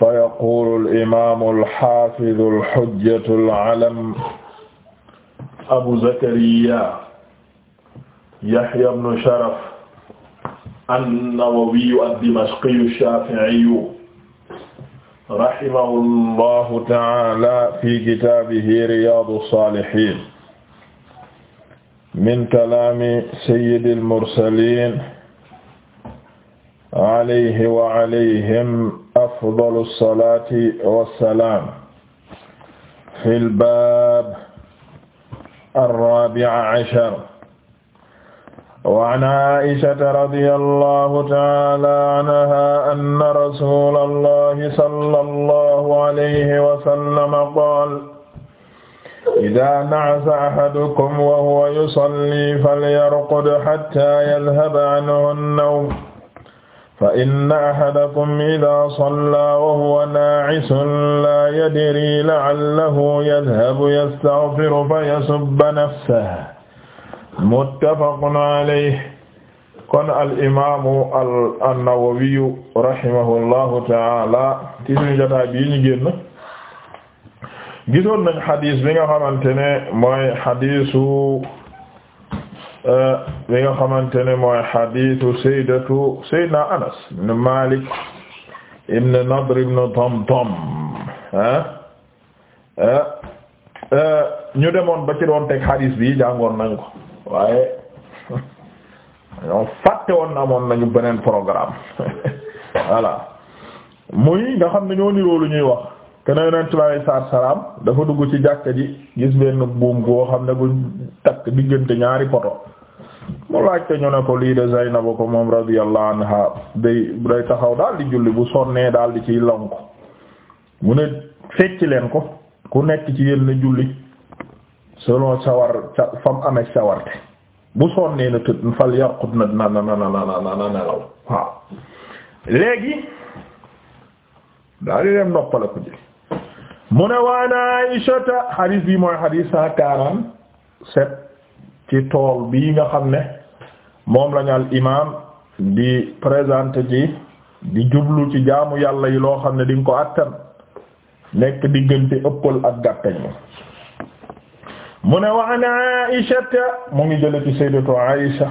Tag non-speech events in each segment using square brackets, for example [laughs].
فيقول الإمام الحافظ الحجة العلم أبو زكريا يحيى بن شرف النووي الدمشقي الشافعي رحمه الله تعالى في كتابه رياض الصالحين من كلام سيد المرسلين عليه وعليهم afdalu salaati wa salaam fil baab arraabi'a ashar wa an Aa'ishata radiyallahu ta'aalaa anhaa anna rasuulallaahi sallallahu alayhi wa sallam qaala إذا نعس أحدكم وهو يصلي فليرقد حتى يذهب عنه النوم fa inna ahadakum idaa sallaa wa huwa naa'isun laa yadrii la'allahu yadhabu yastaghfiru fa yasubba nafsahu muttafaqun alayhi kon al imaamu an-Nawawiyu rahimahullahu ta'aala ci suñu jotaay bi ñu génn gisoon nañ xadiis bi nga xamante ne mooy xadiisu li nga xamante ne mooy xadiisu saydatu saydna anas ibn malik ibn nadr ibn tamtam ah, ah, ah ñu demoon ba ci doon teg xadiis bi jàngoon nañ ko waaye ñoo fàtte woon na amoon nañu beneen programme [laughs] voilà muy nga xam ne ñoo niroo lu ñuy wax kene yonent bi alei salaatu dafa dugg ci jàkka ji gis benn buum goo xam ne bu takk diggante ñaari poto mu laajte ñu ne ko lii de Zaynab ko moom radiyallahu anha day day taxaw daal di julli bu sonnee daal di ciy lonk mu ne fecc leen ko ku nekk ci yéen na julli selon sawar sa fa sawarte bu sonnee na tëdd fal yarqut na na na na na nelaw léegi daal di dem noppale ko ji mu ne waana Aysata xadiis bi mooy xadiis cent quarante-sept ci tool bii nga xam ne moom lañu al imaam di présenter ci di jublu ci jaamu yàlla yi loo xam ne di nga ko attan nekk diggante ëppal ak gàttañ mu ne wa an Aïshata mu ngi jële ci sayyidatu Aïsha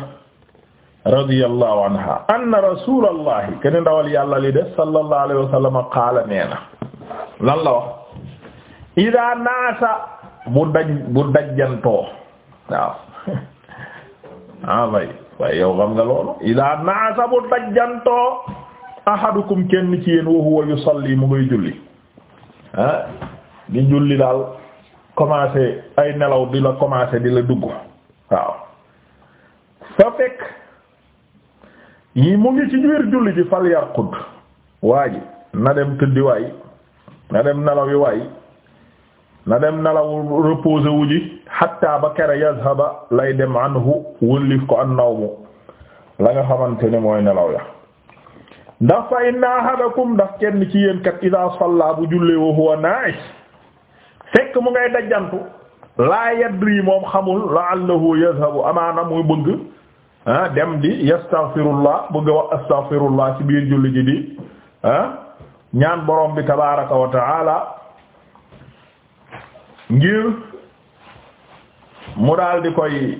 radiyallahu anha anna rasulallahi ken ndawal yàlla li de sallallahu alayhi wa sallam qaala nee na lan la wax naasa bu daj [laughs] ah way waaye yow xam nga loolu ida naasa bu dajjantoo ahadukum kenn ci yéen wa huwa yusalli mu ngay julli ah di julli daal commencé ay nelaw di la commencé di la dugg waaw fa fekk yi mu ngi ci biir julli ji fal yarqud waa ji na dem tëddi waay na dem nelawi waay na dem nelaw reposé wu ji hatta ba kere yazhaba lay dem anhu wëllif ko an nawmu la nga xamante ne mooy nelaw ya ndax fa inna ahadakum ndax kenn ci yéen kat ida salla bu jullee wa huwa naa'is fekk mu ngay dajjantu laa yadri moom xamul la'allahu yazhabu amaana muy bëgg dem di yastaghfirullah bëgg wax astaghfirullah ci biir julli ji di ñaan borom bi tabaaraka wa ta'ala ngir mu daal di koy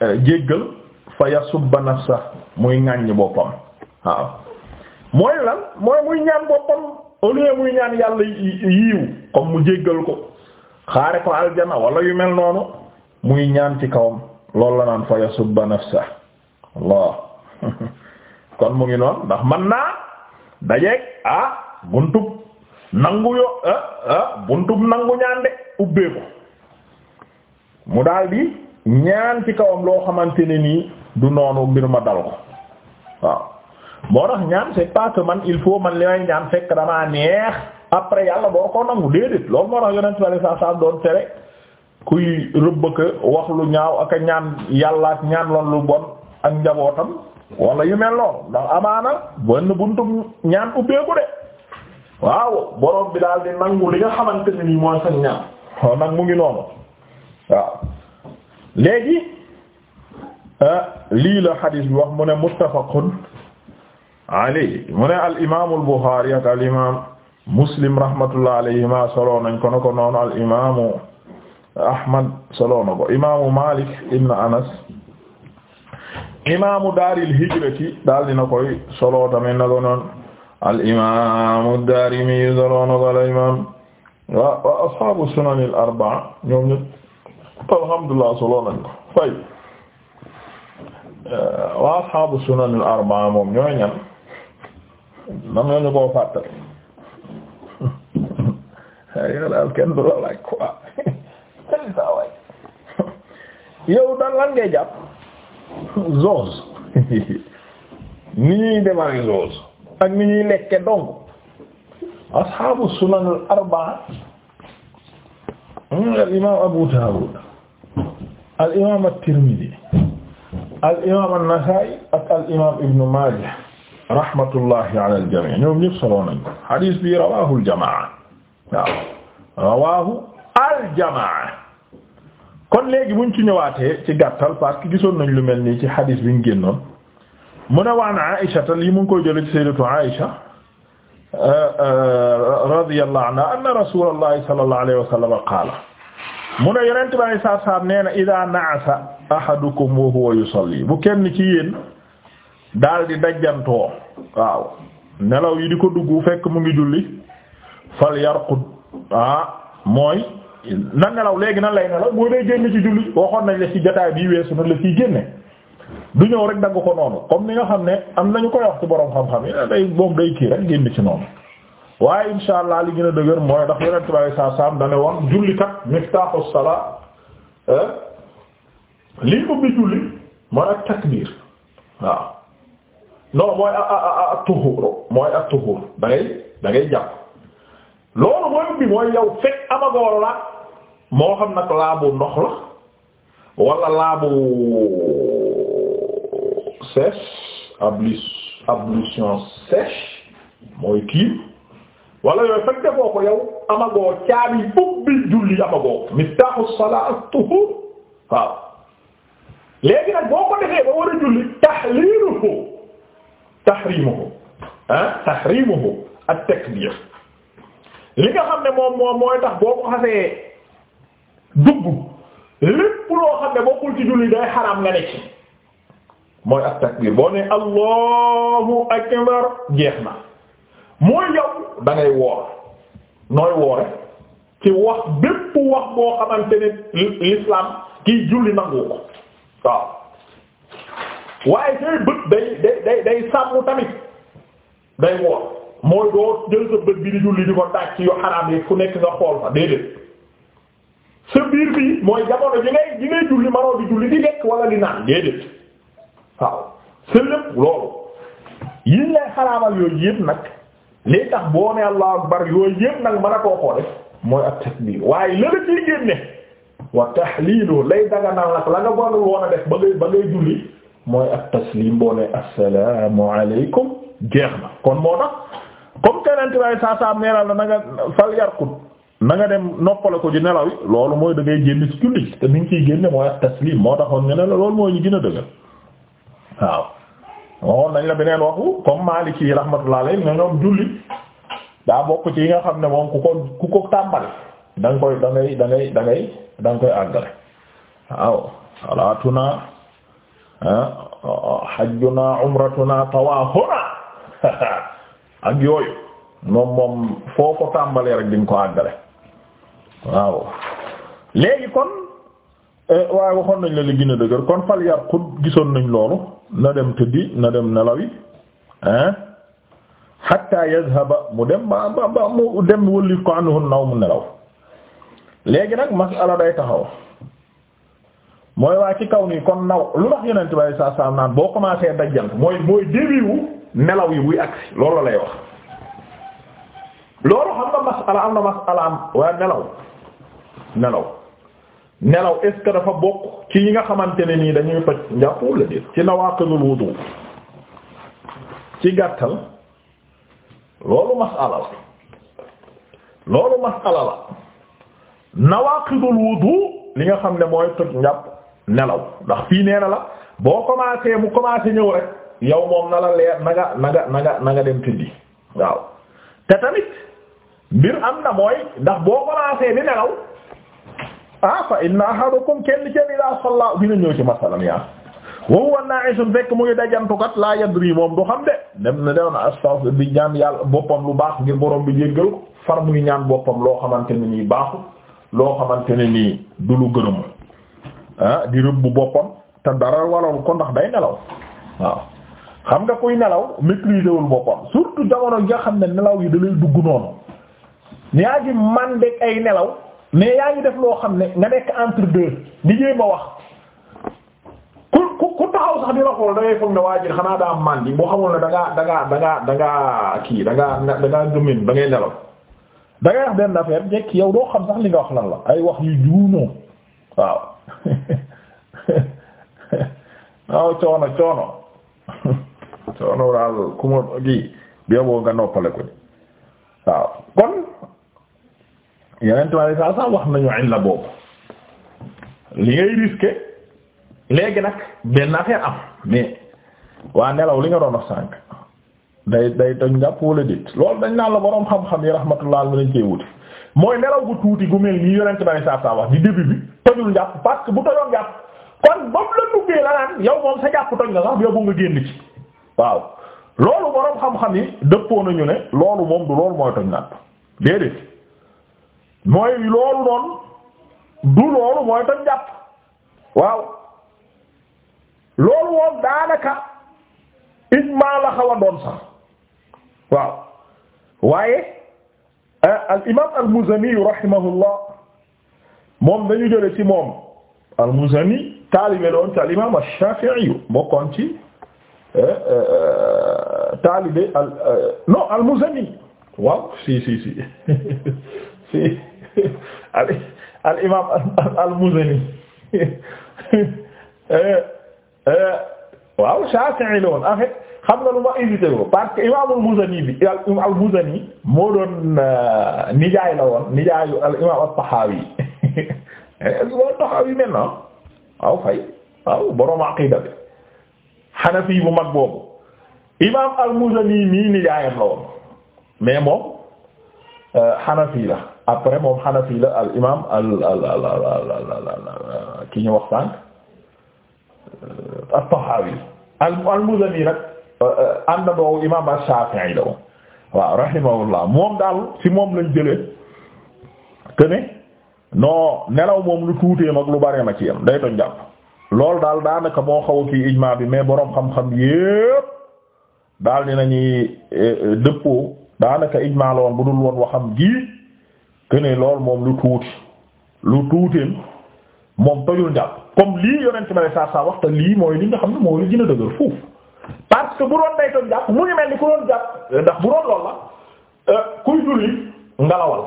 eh, jéggal fa yasubba nafsa muy ŋàññ boppam waaw mooy lan mooy muy ñaan boppam au muy ñaan yàlla yiiw comme mu jéggal ko xaare ko aljana wala yu mel noonu muy ñaan ci kawam loolu la naan fa yasubba nafsa Allah [laughs] kon mu ngi noonu ndax man naa dajeeg ah buntub nangu yo ah, ah buntum nangu ñaan de ubbee ko mu daldi ñaan ci kawam loo xamante ne nii du noonu mbir ma dal ko waaw moo tax ñaan c'est pas man il faut man li may ñaan fekk damaa neex après yàlla boo ko nangu déedéet loolu moo tax yonent sallallahu doon tere kuy rëbb ak wax lu ñaaw ak ñaan yàlla ak ñaan loon bon ak njabootam wala yu mel noonu ndax amaana benn buntum ñaan ubbeeku de. waaw borom bi daal di nangu li nga xamante ne nii mooy sax ñaan waaw mu ngi noonu waaw léegi ah, lii la xadiis bi wax mu ne muttafaqun alayhi mu ne al imaamu al muslim rahmatullah alayhima solo nañ ko na ko noonu al imaamu ahmad solo na ko imaamu malik ibn anas imaamu daaril hijrati daal dina koy solo tamit na ko noonu al imaamu daarimi soloona ko al wa wa ashaabu sunan al arbaa ñoom ñépp alhamdulillah solo nañ ko fay wa ashaabu sunan al arbaa moom ñooy ñan nan la ñu koo fàttali yow daal kenn yow daal lan ngay jàpp [laughs] ni ñuy démarrer ak ni ñuy lekke donc ashaabu sunan al arba'a al imaam Abu Dawud al imaam at-Tirmidhi al imaam an-Nasa'i al imaam Ibn Majah rahmatullahi ala al jami' ñoom ñëpp solo nañu hadith rawahu al jamaa rawahu al jamaa kon léegi buñ ci ñëwaatee ci gàttal parce que gisoon nañ lu mel nii ci hadith bi génnoon mu ne waan Aïcha te lii mu ngi koy jëlee ci sayyidatu Aïcha euh, euh, radiyallahu anha anna rasulallahi sallallahu alayhi wa sallam qaala mu ne yonent bi saa saa nee na idaa na'asa ahadukum wa huwa yusalli bu kenn ci yéen daal di dajjantoo waaw nelaw yi di ko dugg fekk mu ngi julli fal yarqud ah mooy na nelaw léegi nan lay nelaw mooy day génn ci julli waxoon nañ la ci jotaay bii weesu na la ciy génne. du ñëw rek dagg ko noonu comme ni nga xam ne am nañu koy wax ci borom xam-xam yi day moom day kii rek génn ci noonu waaye insha allah li gën a dëgër mooy ndax yonent bi sallallahu alayhi wasallam dane woon eh, ak takbiir waaw non mooy a a mooy ak tuhur da ngay jàpp loolu mooy ubbi mooy yow fekk amagoo la moo xam nag laabu ndox la wala laabu. sèche ablus ablution sèche mooy kii wala yooyu fekk defoo ko yow amago caabi ubbi julli amagoo miftaaxu salaat tuhur waaw léegi nag boo ko defee ba war a julli tahliiluhu tahriimuhu ah tahriimuhu ak takbiir li nga xam ne moom moom mooy tax boo ko xasee dugg lépp loo xam ne bokkul julli day xaraam nga nekk mooy ak takbir boo ne allahu akbar jeex na mooy yow da woor nooy woore ci wax bépp wax boo xamante ne l'islam kiy julli nangu ko waaw waaye say bët day day day sàmm tamit day woor mooy doo jël sa bët bi di julli di ko tàcc yu xaraam yi fu nekk nga xool fa déedéet sa biir bi mooy jamono ji ngay ji ngay julli manoo di julli di lekk wala di naan déedéet waaw seen lépp loolu yiñ xaraamal yooyu yëpp nag li tax boo ne allahu akbar yooyu yëpp nag mën a koo xoole mooy ak takbiir waaye la la ciy la nga bon woon a def ba ngay ba ngay julli mooy boo ne assalaamu alaykum jeex na kon moo tax comme keneen tibaay saa saa neeral na nga fal yarkut na nga dem noppale ko ji nelaw yi loolu mooy da ngay génn ci julli te ni nga ciy génne mooy ak taslim moo taxoon nga ne la loolu mooy ñu gën a dëgër waaw waxoon nañ la beneen waxu comme Maliki yi rahmatullah alayhi na ñoom julli daa bokk ci yi nga xam ne moom ku ko ku ko tàmbali da nga koy da ngay da ngay da ngay da nga koy àggale waaw salaatuna ah, hajjuna umratuna tawaafuna [laughs] ak yooyu moom moom foo ko tàmbalee rek di nga ko àggale waaw léegi kon Euh, waaye waxoon nañ la li gën a dëgër kon fal yar xud gisoon nañ loolu na dem tëddi na dem nelawi hein hatta yazhaba mu dem ba ba ba mu dem wëllit ko anhu naw mu nelaw léegi nag masala day taxaw mooy waa ci kaw nii kon naw lu tax yonent bay saa saa naan boo commencé dajjant mooy mooy début nelaw yi buy agsi loolu lay wax loolu xam nga masala am na masala am waa nelaw nelaw nelaw est-ce que dafa bokk ci yi nga xamante ne nii dañuy toj njàpp walla déet ci nawaaqidul wudu ci gàttal loolu masala la loolu masala la nawaaqidul wudu li nga xam ne mooy toj njàpp nelaw ndax fii nee na la boo commencé mu commencé ñëw rek yow moom na la leer na nga na nga dem tëddi waaw te tamit mbir am na mooy ndax boo commencé di nelaw ah fa inna ahadakum kenn kenn ila salla dina ñëw ci masalam yaa wa huwa na'isun fekk mu ngi dajantukat laa yadri moom du xam de dem na dem na astaf bi ñaan yàlla boppam lu baax ngir borom bi jéggal ko far muy ñaan boppam loo xamante ne nii baaxu loo xamante ne nii du lu gërëm ah di rëbb boppam te dara walaw ko ndax day nelaw waaw xam nga kuy nelaw maîtriser wul boppam surtout jamono nga xam ne nelaw yi da lay dugg noonu ñaa ngi man de ay nelaw mais yaa def loo xam ne nga nekk entre deux di jéem wax ku ku ku taxaw sax di la xool da foog ne waa ji xanaa daa màndi boo xamul ne da ngaa da ngaa da ngaa da kii da ngaa da ngay nelaw da ngay wax benn affaire njëkk yow doo xam sax li nga wax lan la ay wax yu juunoo waaw waaw coono coono [laughs] coono daal ku kii bi yoboo nga noppale ko waaw kon. yeneen tubaab yi saa saa wax nañu illa boobu li ngay risqué léegi nag benn affaire am mais waa nelaw li nga doon wax sànq day day dañ jàpp wala déet loolu dañ naan la boroom xam-xam yi rahmatullah la dañ cee wuti mooy tuuti gu mel nii yeneen tubaab saa saa wax di début bi tojul jàpp parce que bu tojoon jàpp kon boobu la duggee la naan yow moom sa jàpp toj nga sax yow bu nga génn ci waaw loolu boroom xam-xam yi dëppoo nañu ne loolu moom du loolu mooy toj naat déedéet. mooy loolu noonu du loolu mooy tam jàpp waaw loolu moom daanaka ijmaa la xaw a doon sax waaw waaye al imam al muzani rahimahullah moom dañu jële ci moom al muzani taalibe doon ci al imam al shafi'i ci taalibe al non waaw si si si [laughs] si [laughs] al al imaam al Muzani [laughs] eh, eh, waaw Shafi'i la woon en fait xam nga lu ma hésité ko parce que imaam al Muzani bi al Muzani moo doon euh, nijaay la woon nijaayu al imaam at-Tahawi [laughs] est-ce eh, que Tahawi mel na waaw fay waaw borom aqida bi Hanafi bu mag boobu imaam al Muzani nii nijaayam la woon mais moom. xanafi euh, la après moom xanafi la al imaam al al al al euh, ki ñu wax sànq euh, at al al-Muzani nag àndandoo imaam as-Shafi'i la woon waaw rahimahullah moom daal ci moom lañ jëlee que ne nelaw moom lu tuutee mag lu baree ma ci yam day doon jàpp loolu daal daanaka moo xaw a ijmaa bi mais boroom xam-xam yépp daal dinañuy dëppoo. daanaka ijmaa la woon bu dul woon waxam gii këne lool moom lu tuuti lu tuuteen moom tojul jàpp comme lii yonent ba ne saa saa waxta lii mooy li nga xam ne mooy li gën a dëgër fuuf parce que bu doon day toj jàpp mu ngi mel ni ku doon jàpp ndax bu doon lool la euh, kuy julli ngalawal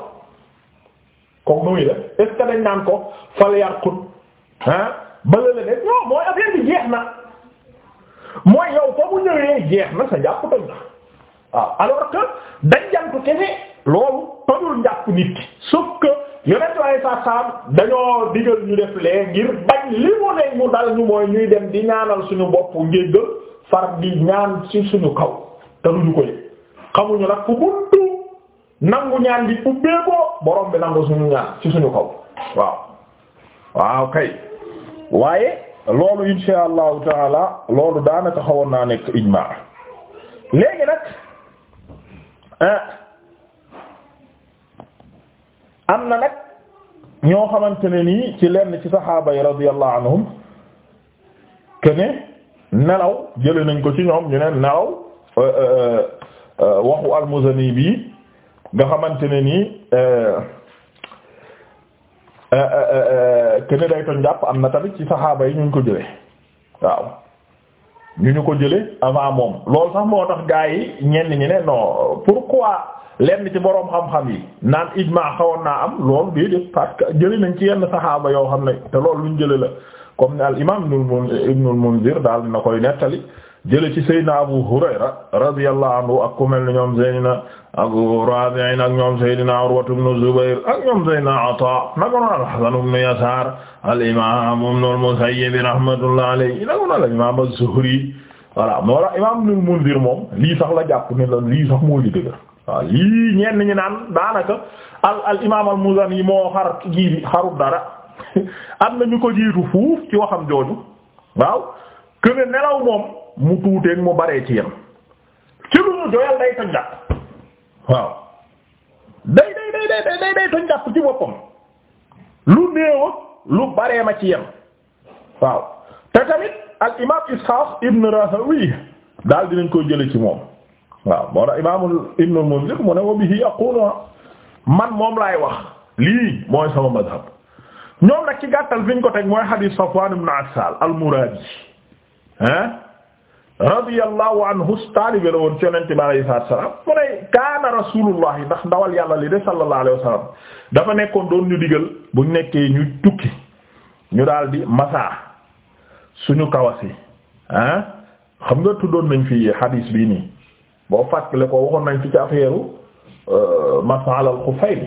comme nu muy def est dañ naan ko fal yarkut ah bala la def non mooy affaire bi jeex na mooy yow foo mu ñëwee jeex na sa jàpp toj na waaw alors que dañjantu kese loolu tojul njàpp nit ki sauf que yonent waaye dañoo digal ñu def lee ngir bañ li mu ne mu dal ñu mooy ñuy dem di ñaanal suñu bopp njéggal far di ñaan ci suñu kaw te duñu ko yëg xamuñu nag fu buntu nangu ñaan di ubbee borom bi nangu suñu ñaan ci suñu kaw waaw waaw kay waaye loolu insha allahu taala loolu daanaka xawoon naa nekk ijmaa léegi nag Ah. am na nag ñoo xamante ne nii ci lenn ci saxaaba yi radiyallahu anhum que ne nelaw jële nañ ko ci ñoom ñu ne nelaw euh, euh, euh, waxu al-Muzani bi nga xamante ne nii que ne day toñ jàpp am na tamit ci saxaaba yi ñu ngi ko jële waaw ñu ñu ko jële avant moom lool sax moo tax gaa yi ñenn ñi ne non pourquoi lenn ci boroom xam-xam yi naan ijmaa xawoon naa am loolu déedéet parce que jële nañ ci yenn saxaaba yoo xam ne te loolu luñ jële la comme ne al imam ibnul munzir daal na koy nettali jële ci Seydina Abu Hurayra radiyallahu anhu ak ku mel ni ñoom Seydina Abu Rabi'in ak ñoom Seydina Urwatu ibn Zubayr ak ñoom Seydina Ata naka noonu al-Hasan ibn Yasar al-imam ibn al-Musayyib rahmatullahi alayhi naka noonu al-imam az-Zuhri voilà moo la imam Ibn al-Mundhir moom lii sax la jàpp ne la lii sax moo li dëgg waaw lii ñenn ñi naan daanaka al al imam al-Muzani moo xar ji bi xarul dara [laughs] na ñu ko jiitu fuuf ci waxam jooju waaw que nelaw moom. mu tuuteeg mu baree ci yem ci lu mu doyal day toj jàpp waaw day day day day day day toj ci boppam lu néew lu baree ma ci yem waaw te tamit al imaam Isxaaq ibn Rahawi daal dinañ ko jële ci moom waaw moo tax Ibn al mu ne wa bihi aqulu man moom laay wax lii mooy sama mazhab ñoom nag ci gàttal fi ñu ko teg mooy hadith Safwan ibn Assal al-Muradi hein radiyallahu anhu taalibe la woon ci yonent bi alayhi salaatu wa salaam mu ne kaana rasulullah ndax ndawal yàlla li de sallallahu alayhi wa sallam dafa nekkoon doon ñu digal bu ñu nekkee ñu tukki ñu daal di masaa suñu kawas yi ah xam nga tuddoon nañ fi hadis bii nii boo fàttale ko waxoon nañ fi ci affaire euh, masaa alal xufayl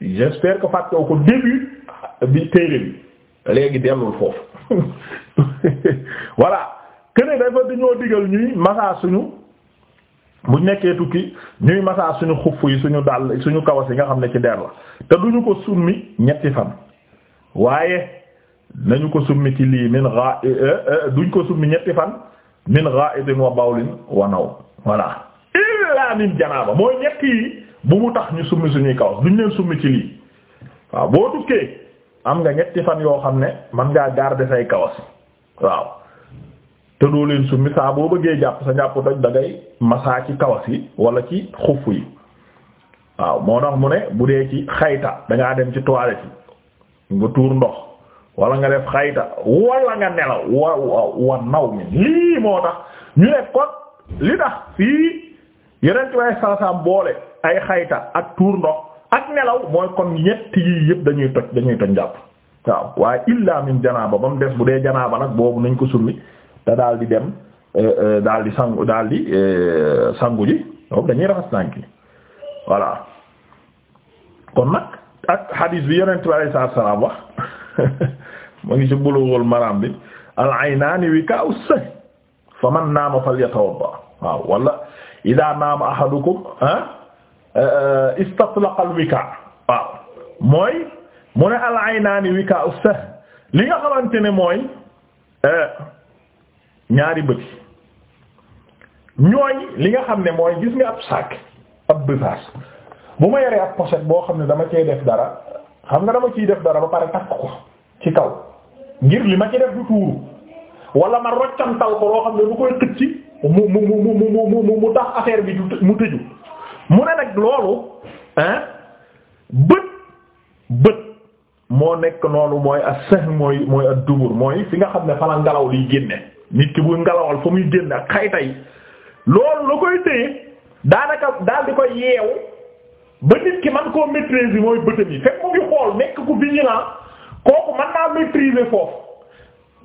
j'espère que fàtte ko début bi téere bi léegi dellul foofu [laughs] voilà. kene dafa ñoo digal ñuy masaa suñu bu nekkee tukki ñuy masaa suñu xuff yi suñu dàll suñu kawas yi nga xam ne ci der la te duñu ko summi ñetti fan waaye nañu ko summi ci lii min eh, eh, eh, ko summi fan min ra'idin wa bawlin wa naw voilà illa min janaaba mooy ñett yi bu mu tax ñu summi suñuy kawas duñ leen summi ci lii waaw boo tukkee am nga ñetti fan yoo xam ne mën ngaa garder say kawas waaw te doo leen summi saa boo bëggee jàpp sa jàpp doj dangay masaa ci kawas yi wala ci xuf yi waaw moo tax mu ne bu dee ci xayta dangaa dem ci toilette yi nga tuur ndox walla nga def xayta wala nga nelaw wa wa naw mi lii moo tax ñu ne kon li tax fii yeneen ci waaye saasaam boole ay xayta ak tuur ndox ak nelaw mooy kon ñett yii yëpp dañuy toj dañuy toj jàpp waaw waaye illa min janaaba ba mu def bu dee janaaba nag boobu nañ ko summi te daal di dem euh, euh, daal di sangu daal di euh, sangu ji moom dañuy raxas wax [laughs] mu ngi ci Bulughul Maram bi al aynaani wikaa'u sahi fa man naama falyatawadda waaw wala idaa naama ah, al wikaa waaw mu ne al aynaani wikaa'u sahi li nga xamante ne mooy ñaari bët ñooy li nga xam ne mooy gis nga ab sac ab besace bu ma yoree ab pochette boo xam ne dama cee def dara xam nga dama ciy def dara ba pare takk ko ci kaw ngir li ma ci def du tuuru wala ma roccantal ko loo xam ne bu koy xëcc mu mu mu mu mu mu tax affaire bi mu tëju mu ne nag loolu ah bët bët moo nekk noonu mooy as sax mooy mooy a dubur mooy fi nga xam ne fala ngelaw liy génne. nit ki buy ngalawal fa muy génn ak xayta yi loolu la koy téye daanaka daal di koy yeewu ba nit ki man koo maîtriser mooy bëtam yi fekk mu ngi xool nekk ku vigilant kooku mën naa maîtriser foofu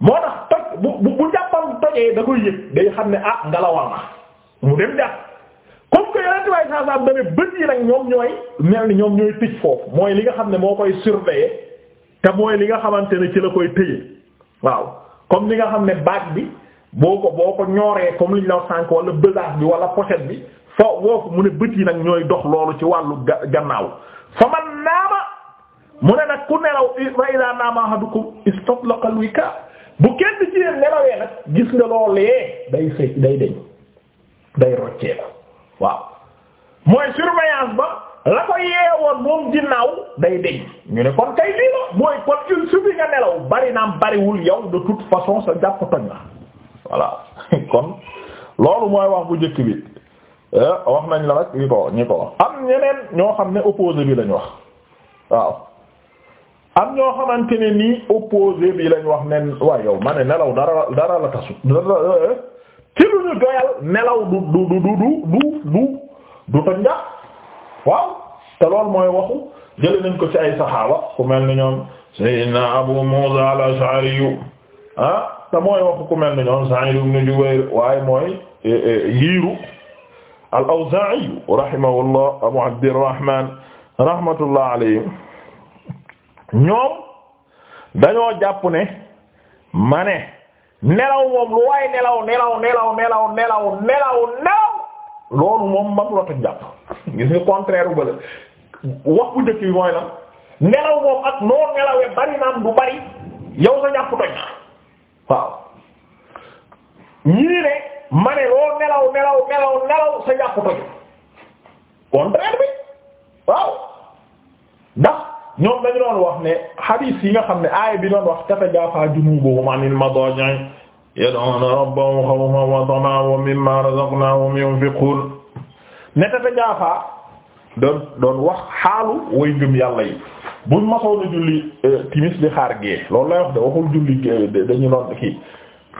moo tax toj bu bu jàppam tojee da koy yëg day xam ne ah ngalawal na mu dem jàpp comme que yeneen saa saa ba bët yi nag ñoom ñooy mel ni ñoom ñooy tëj foofu mooy li nga xam ne moo koy surveiller te mooy li nga xamante ne ci la koy téye waaw. comme ni nga xam ne baag bi boo ko boo ko ñooree comme li ñu la sànk wala besace bi wala pochette bi foo woofu mu ne bët yi nag ñooy dox loolu ci wàllu gannaaw fa man naama mu ne nag ku nelaw wa ida naama ahadukum istatlaqa alwika bu kenn ci yeen nelawee nag gis nga loolee day sëy day deñ day roccee ko waaw mooy surveillance ba la ko yeewoon moom ginnaaw day deñ ñu ne kon kay lii la mooy kon il suffit nga nelaw bari naam bariwul yow de toute façon sa jàpp toj na voilà [laughs] kon loolu mooy wax bu njëkk bi eh, wax nañ la rek ñi ko ñi ko wax am ñeneen ñoo xam ne opposé bi lañ wax waaw am ñoo xamante ne nii opposé bi lañ wax ne waaye yow ma nelaw dara dara la tasu ci eh, eh. ñu doyal nelaw du du du du du du du toj nga waaw te loolu mooy waxu jëlee nañ ko ci ay saxaaba ku mel ni ñoom Seydina Abu Muusa al-Ash'ari ah mooy waxu ku mel ni ñoom Sa'id ibn Jubayr waaye mooy eh, eh, yiiru al-Awzaa'i rahimahullah Abu Abdirrahmaan rahmatullah alayhi ñoom dañoo jàpp ne ma ne nelaw moom lu waaye nelaw nelaw nelaw gis nga contraire bu bële wax bu njëkk bi mooy lan nelaw moom ak noo nelawee bari naan du bari yow sa jàpp toj waaw ñii ne ma ne loo nelaw nelaw nelaw nelaw sa jàpp toj contraire bi waaw ndax ñoom dañu doon wax ne hadith yi nga xam ne aay bi doon wax tatajaafa junuubuhum anil madaaji' yad'uuna rabbahum khawfan wa tama'an wa mimmaa razaqnaahum yunfiquun netata jaafaa doon doon wax xaalu way ngëm yàlla yi buñ masoon a julli eh, timis di xaar gee loolu lay wax de waxul julli dañu doon kii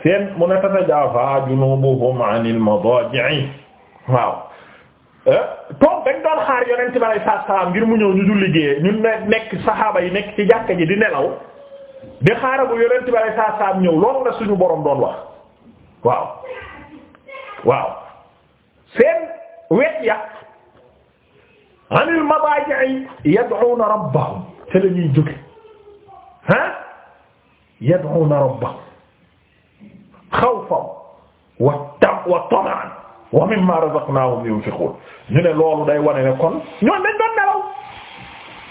seen mu netata jaafaa junubuhum anil madaji'i waaw eh, toog dañ doon xaar yonent bi alayhi salaatu salaam ngir mu ñëw ñu julli gee ñu nekk saxaaba yi nekk ci jàkka ji di nelaw di xaaral bu yonent bi alayhi salaatu salaam ñëw loolu la suñu boroom doon wax waaw waaw seen wet ya anil madaji yad'una rabbahum te la ñuy jóge ah yad'una wa tamaan wa mimma razaqnahum yunfiqun ñu ne loolu day wane ne kon ñoom dañ doon nelaw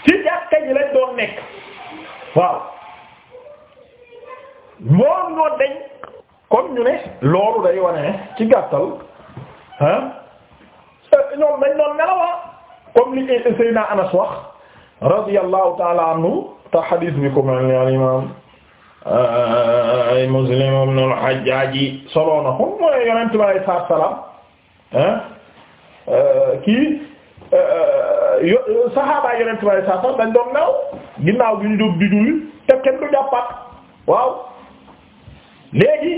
ci jàkka ji lañ doon nekk waaw moom ñoo ne loolu day wane ne ci gàttal ah Euh, ñoom dañ doon nelawaa comme li Seydina Anas wax radiyallahu ta'ala anhu te xadiis bi ko mel ni al imam euh, Muslim ibn al-Hajjaj soloo na ko mooy yonent bi alayhi salaatu wa salaam euh, kii saxaaba yonent bi alayhi salaatu wa salaam dañ doon nelaw ginnaaw bi ñu jóg di julli te kenn du jàppaat waaw léegi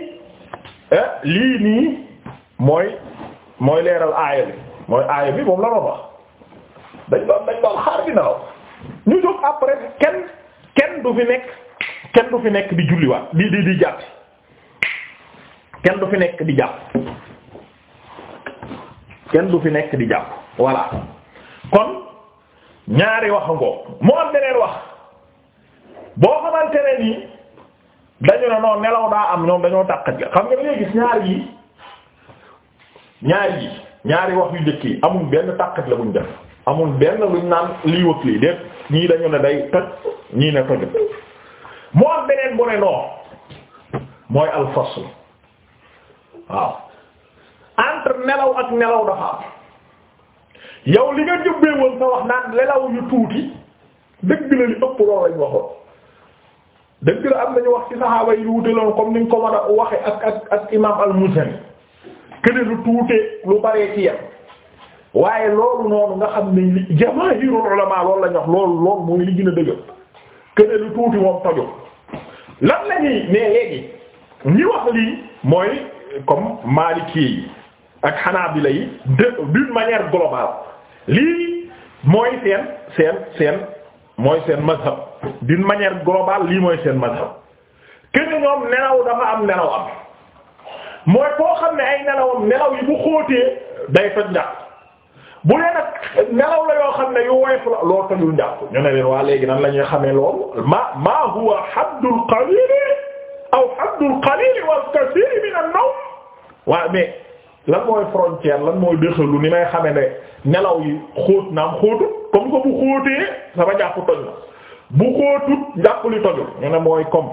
lii nii mooy mooy leeral aaya bi mooy aaya bi moom la doon wax dañ doon dañ doon xaar bi nelaw ñu jóg après kenn kenn du fi nekk kenn du fi nekk di julliwaat di di di jàpp kenn fi nekk di jàpp kenn du fi nekk di jàpp voilà kon ñaari wax ngoo moo am beneen wax boo xamante ne nii dañu ne noonu nelaw daa am ñoom dañoo tàqat ga xam nga da ñaar yi ñaar yi ñaari wax yu njëkk yi amul benn tàqat la buñ def amul benn luñ naan lii wëkk lii déet ñii dañu ne day toj ñii ne tojut moo am beneen bu ne noonu mooy alfasl waaw entre nelaw ak nelaw dafa am yow li nga jëbbee woon sa wax naan nelaw yu tuuti dëgg la li ëpp loolu lañ waxoon dëgg la am nañu wax ci saxaaba yi lu loolu comme ni nga ko war a waxe ak ak ak imaam al-Muzani këne lu tuute lu baree ci yam waaye loolu noonu nga xam ni jamaahirul ulama loolu lañ wax loolu loolu mooy li gën a dëgër këne lu tuuti moom tojo lan la ñuy ne léegi ñi wax lii mooy comme Maliki yi ak Hanabila yi de d'une manière globale lii mooy seen seen seen mooy seen mazhab d'une manière globale lii mooy seen mazhab këne ñoom nelaw dafa am nelaw am mooy koo xam ne ay nelawam nelaw yi bu xóotee day toj njàpp bu dee nag nelaw la yoo xam ne yu woyof la waa léegi nan la ñuy xamee loolu ma ma huwa haddul qalil aw haddul mooy frontière lan mooy dëxalu may xamee ne nelaw yi xóot naam xóotu comme que bu xóotee sama njàpp toj na bu xóotut njàpp li tojul ñu ne mooy comme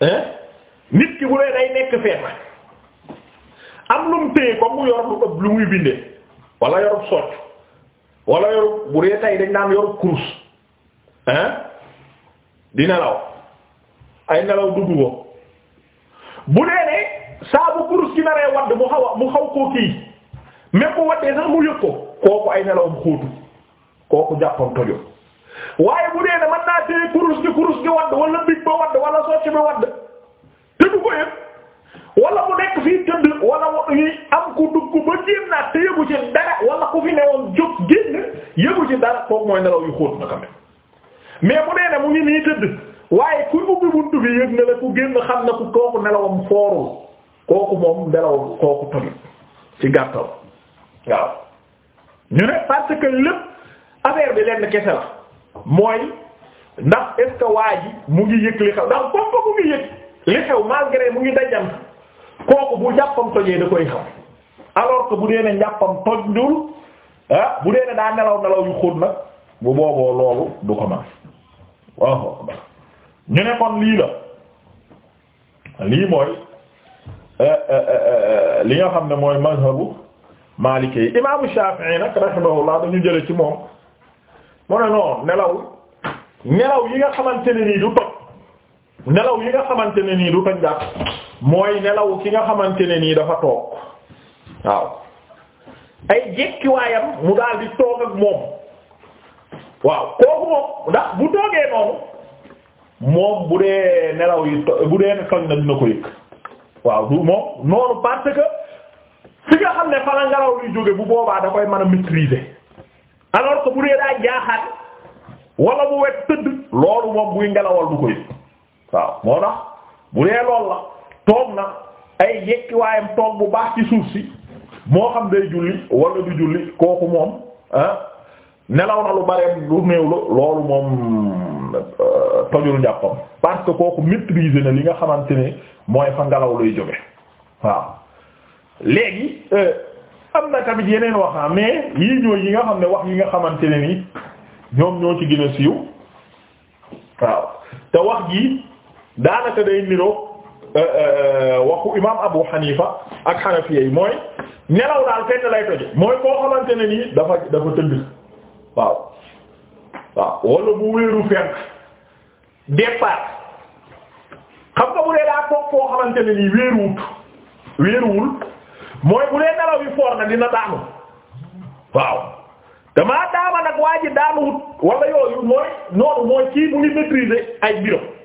hein nit ki bu dee day nekk feebar am lu mu téye comme mu yor lu muy bindee wala yorub socc wala yorub bu dee tey dañ naan yorub kurus hein di nelaw ay nelaw dugg ko bu dee ne saa bu kurus gi naree wadd mu xaw mu xaw koo kii même bu waddee sax mu yëg ko kooku ay nelawum xóotu kooku jàppam tojo waaye bu dee ne mën naa téye kurus gi wadd wala big ba wadd wala socc bi wadd te ko yëg wala mu nekk fii tëdd wala mu am ku dugg ba jéem naa te yëgu ci dara wala ku fi newoon jóg génn yëgu ci dara kooku mooy nelaw yu xóot na quand même mais bu dee ne mu ngi nii tëdd waaye ku ubbi buntu bi yëg na ku génn xam na ku kooku nelawam foorul kooku moom nelawam kooku tamit ci gàttal waaw ñu ne parce lépp affaire bi lenn kese la mooy ndax est mu ngi yëg li xaw ndax comme mu ngi yëg. li xew malgré mu ngi dajam kooku bu jàppam tojee da koy xam alors que bu dee ne njàppam du ah bu dee ne daa nelaw nelaw yu xóot na bu booboo loolu du ko man waaw ñu ne kon lii la lii mooy eh, eh, eh, li nga xam ne mooy mazhabu Maliki yi imaamu Shafi'i nag rahimahullah dañu jële ci moom mu ne noonu nelaw nelaw yi nga xamante ne nii du toj nelaw yi nga xamante ne nii du toj jàpp mooy nelaw ki nga xamante ne nii dafa toog waaw ay jekkiwaayam mu daal di toog ak moom waaw kooku moom ndax bu toogee noonu moom bu dee nelaw yi bu dee toj na ko yëg waaw du moom noonu parce que nga xam ne fala ngelaw luy jóge bu boobaa dafay man a maîtriser alors que bu dee daa jaaxaat wala bu wet tëdd loolu moom buy ngelawal du ko yëg waaw moo tax bu dee lool la toog na ay yekkiwaayam toog bu baax ci suuf si moo xam day julli wala du julli kooku moom ah nelaw na lu bareem lu néew loolu moom euh, tojul njàppam parce que kooku maîtriser na li nga xamante ne mooy fa ngelaw luy jóge waaw léegi euh, am na tamit yeneen wax ah, mais yi ñooy yi nga xam ne wax yi nga xamante ne ni ñoom ñoo ci gën a siiw waaw te wax ji daanaka day niroo euh, euh, euh, waxu imaam Abu Hanifa ak Hanafiya yi mooy nelaw daal fenn lay toje mooy koo xamante ne nii dafa dafa tëdd waaw waaw wala bu wéeru fenn départ xam nga bu dee daa toog foo xamante ne nii wéeruwut wéeruwul mooy na dee nelaw yi foor na dina daanu waaw damaa daama nag waa ji daanuwut wala yooyu mooy noonu mooy kii mu ngi maîtriser ay biram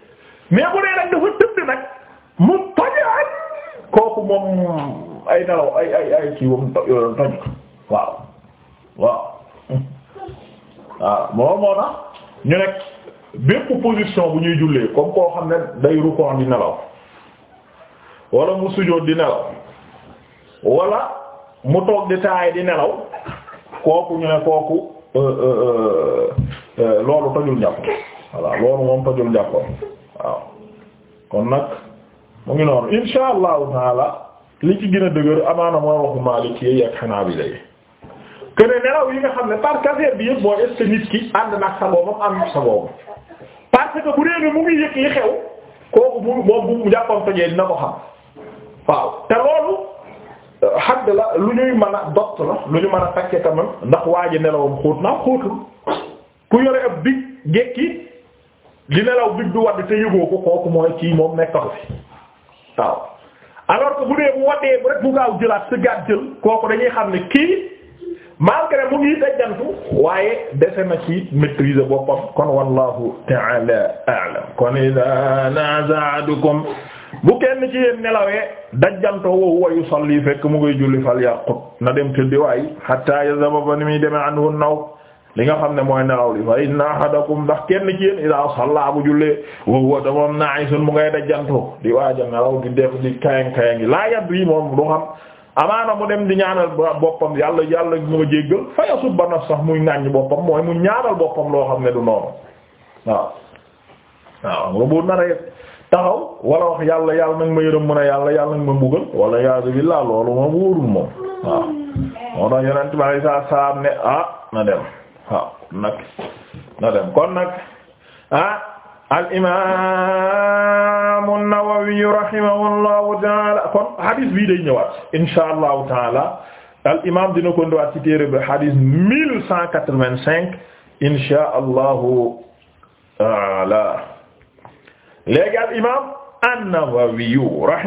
mais nag dafa tëdd nag kooku moom ay nelaw ay ay ay kii wam toj waaw waaw waaw moom moo tax ñu nekk bépp position bu ñuy jullee comme koo xam ne day rukkoon di nelaw wala mu sujjóot di nelaw wala mu toog di taay di nelaw kooku ñu ne kooku euh, euh, euh, loolu tojul njàpp voilà loolu moom tojul njàpp waaw kon nag mu ngi noonu insha allahu taala li ci gën a dëgër amaana mooy waxu Maalik yi ak Hanaabila yi que nelaw yi nga xam ne par affaire bi yëpp mooy est-ce que nit ki ànd na sa boppam am sa bu dee mu ngi yëg li xew kooku bu moom jàppam tojee dina ko xam waaw te loolu xadd la lu ñuy mën a dott la lu ñu mën a takke tamit ndax waa ji nelawam xóot naa xóotul ku yore ab dig gekki li nelaw big bi wadd te yëgoo ko kooku mooy kii moom nekkatu fi waaw alors que bu dee bu waddee bu rek gaaw jëlaat sa gaat jël kooku dañuy xam ne kii malgré mu ngi dajjantu waaye dese na ci maîtriser boppam kon wallahu ta'ala a'lam kon idha naza'adukum bu kenn ci yéen nelawee dajjantoo woowu wayu salli fekk mu ngay julli fal yàqut na dem di waay hatta yazaba ba ni muy demee anhu naw li nga xam ne mooy nelaw li fa inna ahadakum ndax kenn ci yéen ida salla bu jullee wa huwa ta moom na'isun mu ngay dajjantoo di waaja nelaw di def di kayang kayang yi laa yaddu yi moom du xam amaana mu dem di ñaanal boppam yàlla yàlla moo jéggal fa yasubba nafsahu muy ŋàññ boppam mooy mu ñaanal boppam loo xam ne du noonu waaw waaw nga bu naree taxaw wala wax yàlla yàlla nag ma yërëm mën a yàlla yàlla nag ma mbugal wala yaasu billah loolu moom wóorul waaw nag na dem kon nag ah al imaam an-Nawawi rahimahullahu taala kon hadith bii day ñëwaat insha allahu taala al imaam dina ko ndowaat ci téere bi hadith mille cent quatre-vingt-cinq insha allahu taala léegi al imaam an-Nawawi